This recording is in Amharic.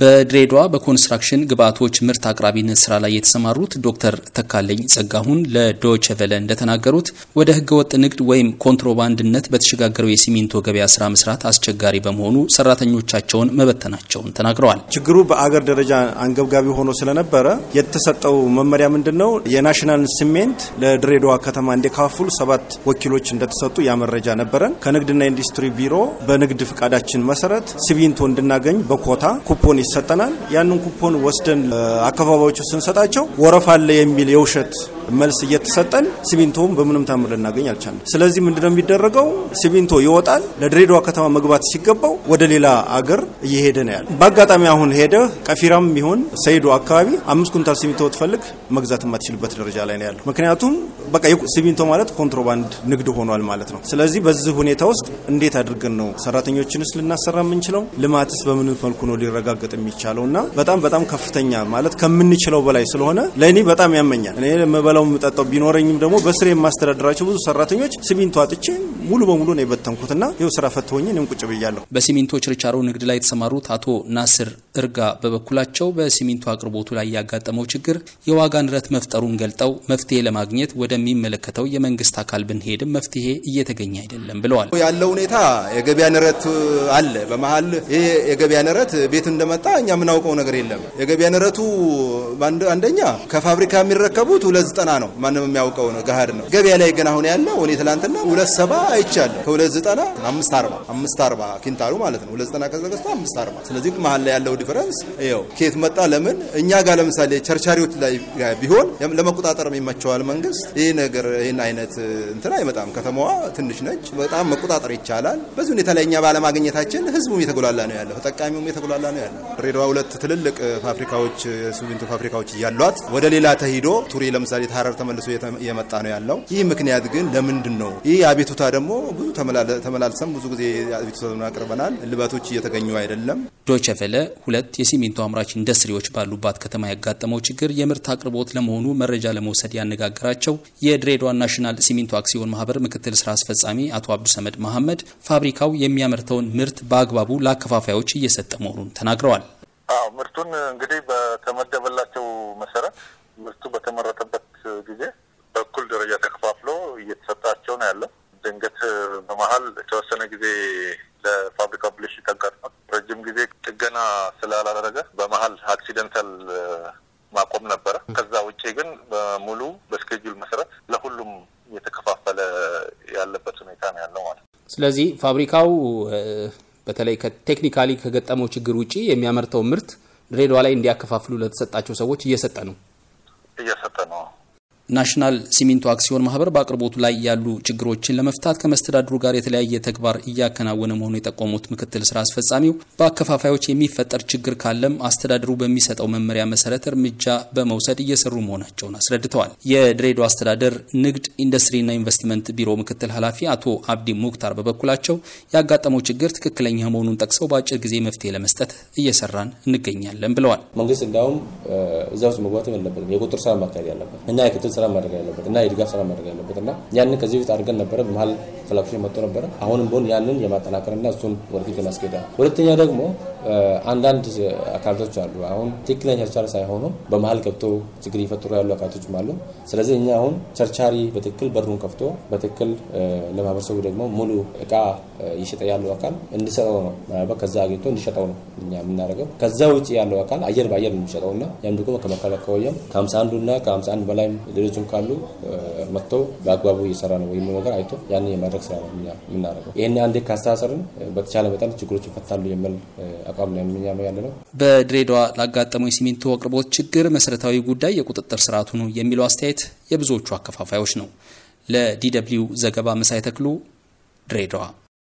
በድሬዳዋ በኮንስትራክሽን ግብዓቶች ምርት አቅራቢነት ስራ ላይ የተሰማሩት ዶክተር ተካለኝ ጸጋሁን ለዶይቼ ቬለ እንደተናገሩት ወደ ህገወጥ ንግድ ወይም ኮንትሮባንድነት በተሸጋገረው የሲሚንቶ ገበያ ስራ መስራት አስቸጋሪ በመሆኑ ሰራተኞቻቸውን መበተናቸውን ተናግረዋል። ችግሩ በአገር ደረጃ አንገብጋቢ ሆኖ ስለነበረ የተሰጠው መመሪያ ምንድን ነው? የናሽናል ሲሜንት ለድሬዳዋ ከተማ እንዲካፍሉ ሰባት ወኪሎች እንደተሰጡ ያ መረጃ ነበረን። ከንግድና ኢንዱስትሪ ቢሮ በንግድ ፍቃዳችን መሰረት ሲሚንቶ እንድናገኝ በኮታ ኩፖን ኩፖን ይሰጠናል። ያንን ኩፖን ወስደን አካባቢዎቹ ስንሰጣቸው ወረፋ አለ የሚል የውሸት መልስ እየተሰጠን ሲሚንቶውን በምንም ታምር ልናገኝ አልቻለም። ስለዚህ ምንድነው የሚደረገው? ሲሚንቶ ይወጣል። ለድሬዳዋ ከተማ መግባት ሲገባው ወደ ሌላ አገር እየሄደ ነው ያለ። በአጋጣሚ አሁን ሄደ ቀፊራም ይሁን ሰይዶ አካባቢ አምስት ኩንታል ሲሚንቶ ትፈልግ መግዛት የማትችልበት ደረጃ ላይ ነው ያለው። ምክንያቱም በቃ ሲሚንቶ ማለት ኮንትሮባንድ ንግድ ሆኗል ማለት ነው። ስለዚህ በዚህ ሁኔታ ውስጥ እንዴት አድርገን ነው ሰራተኞችንስ ልናሰራ የምንችለው? ልማትስ በምን መልኩ ነው ሊረጋገጥ የሚቻለው? እና በጣም በጣም ከፍተኛ ማለት ከምንችለው በላይ ስለሆነ ለእኔ በጣም ያመኛል እኔ የምበላው የምጠጣው ቢኖረኝም ደግሞ በስሬ የማስተዳድራቸው ብዙ ሰራተኞች ሲሚንቶ አጥቼ ሙሉ በሙሉ ነው የበተንኩትና ይኸው ስራ ፈትሆኝ እኔም ቁጭ ብያለሁ። በሲሚንቶ ችርቻሮ ንግድ ላይ የተሰማሩት አቶ ናስር እርጋ በበኩላቸው በሲሚንቶ አቅርቦቱ ላይ ያጋጠመው ችግር የዋጋ ንረት መፍጠሩን ገልጠው መፍትሄ ለማግኘት ወደሚመለከተው የመንግስት አካል ብንሄድም መፍትሄ እየተገኘ አይደለም ብለዋል። ያለው ሁኔታ የገበያ ንረት አለ። በመሀል ይሄ የገበያ ንረት ቤት እንደመጣ እኛ የምናውቀው ነገር የለም። የገበያ ንረቱ አንደኛ ከፋብሪካ የሚረከቡት ሁለት ዘጠና ነው። ማንም የሚያውቀው ነው፣ ነው። ገበያ ላይ ግን አሁን ያለው እኔ ትላንትና ሁለት ሰባ አይቻለሁ። ከሁለት ዘጠና አምስት አርባ አምስት አርባ ኪንታሉ ማለት ነው። ሁለት ዘጠና ከዘገዝቶ አምስት አርባ ስለዚህ መሀል ላይ ያለው ዲፈረንስ ይኸው ኬት መጣ። ለምን እኛ ጋር ለምሳሌ ቸርቻሪዎች ላይ ቢሆን ለመቆጣጠር የሚመቸዋል መንግስት። ይህ ነገር ይህን አይነት እንትን አይመጣም። ከተማዋ ትንሽ ነች፣ በጣም መቆጣጠር ይቻላል። በዚህ ሁኔታ ላይ እኛ ባለማግኘታችን ህዝቡም የተጎላላ ነው ያለው፣ ተጠቃሚውም የተጎላላ ነው ያለው። ድሬዳዋ ሁለት ትልልቅ ፋብሪካዎች ሲሚንቶ ፋብሪካዎች እያሏት ወደ ሌላ ተሂዶ ቱሪ ለምሳሌ ሀረር ተመልሶ እየመጣ ነው ያለው። ይህ ምክንያት ግን ለምንድን ነው? ይህ አቤቱታ ደግሞ ደግሞ ብዙ ተመላልሰን ብዙ ጊዜ አቤቱታን አቅርበናል። እልባቶች እየተገኙ አይደለም። ዶቼ ቬለ ሁለት የሲሚንቶ አምራች ኢንዱስትሪዎች ባሉባት ከተማ ያጋጠመው ችግር የምርት አቅርቦት ለመሆኑ መረጃ ለመውሰድ ያነጋገራቸው የድሬዳዋ ናሽናል ሲሚንቶ አክሲዮን ማህበር ምክትል ስራ አስፈጻሚ አቶ አብዱ ሰመድ መሐመድ ፋብሪካው የሚያመርተውን ምርት በአግባቡ ለአከፋፋዮች እየሰጠ መሆኑን ተናግረዋል። አዎ ምርቱን እንግዲህ በተመደበላቸው መሰረት ምርቱ በተመረተበት ጊዜ በኩል ደረጃ ተከፋፍሎ እየተሰጣቸው ነው ያለው። ድንገት በመሀል የተወሰነ ጊዜ ለፋብሪካ ብልሽት አጋጥሟል። ረጅም ጊዜ ጥገና ስላላደረገ በመሀል አክሲደንታል ማቆም ነበረ። ከዛ ውጭ ግን በሙሉ በስኬጁል መሰረት ለሁሉም እየተከፋፈለ ያለበት ሁኔታ ነው ያለው ማለት ነው። ስለዚህ ፋብሪካው በተለይ ከቴክኒካሊ ከገጠመው ችግር ውጭ የሚያመርተው ምርት ድሬዳዋ ላይ እንዲያከፋፍሉ ለተሰጣቸው ሰዎች እየሰጠ ነው እየሰጠ ነው ናሽናል ሲሚንቶ አክሲዮን ማህበር በአቅርቦቱ ላይ ያሉ ችግሮችን ለመፍታት ከመስተዳድሩ ጋር የተለያየ ተግባር እያከናወነ መሆኑ የጠቆሙት ምክትል ስራ አስፈጻሚው በአከፋፋዮች የሚፈጠር ችግር ካለም አስተዳድሩ በሚሰጠው መመሪያ መሰረት እርምጃ በመውሰድ እየሰሩ መሆናቸውን አስረድተዋል። የድሬዳዋ አስተዳደር ንግድ ኢንዱስትሪና ኢንቨስትመንት ቢሮ ምክትል ኃላፊ አቶ አብዲ ሙክታር በበኩላቸው ያጋጠመው ችግር ትክክለኛ መሆኑን ጠቅሰው በአጭር ጊዜ መፍትሄ ለመስጠት እየሰራን እንገኛለን ብለዋል። መንግስት እንዲያውም እዛ ውስጥ መግባትም የለበትም የቁጥር ስራ ማካሄድ ያለበት እና የክትል ስራ ማድረግ ያለበት እና የድጋፍ ስራ ማድረግ ያለበት እና ያንን ከዚህ በፊት አድርገን ነበረ በመሀል ፍላጎቶች መጥቶ ነበረ። አሁንም ቢሆን ያንን የማጠናከርና እሱን ወደፊት የማስጌዳ ሁለተኛ ደግሞ አንዳንድ አካልቶች አሉ። አሁን ትክክለኛ ቸርቻሪ ሳይሆኑ በመሀል ገብቶ ችግር ይፈጥሩ ያሉ አካልቶችም አሉ። ስለዚህ እኛ አሁን ቸርቻሪ በትክክል በሩን ከፍቶ በትክክል ለማህበረሰቡ ደግሞ ሙሉ እቃ እየሸጠ ያሉ አካል እንዲሰጠው ነው ምናልባት ከዛ አግኝቶ እንዲሸጠው ነው እኛ የምናደርገው። ከዛ ውጭ ያለው አካል አየር በአየር የሚሸጠው ና ያም ደግሞ ከመከላከያውም ከሀምሳ አንዱና ከሀምሳ አንድ በላይም ሌሎችም ካሉ መጥተው በአግባቡ እየሰራ ነው ወይም ነገር አይቶ ያንን የማድረግ ኢንዴክስ የምናደርገው ይህን አንዴ ካስተሳሰርን በተቻለ መጠን ችግሮች ይፈታሉ የሚል አቋም ነው የምኛመው ያለ ነው። በድሬዳዋ ላጋጠመው የሲሚንቶ አቅርቦት ችግር መሰረታዊ ጉዳይ የቁጥጥር ስርዓቱ ነው የሚለው አስተያየት የብዙዎቹ አከፋፋዮች ነው። ለዲ ዘገባ መሳይ ተክሉ ድሬዳዋ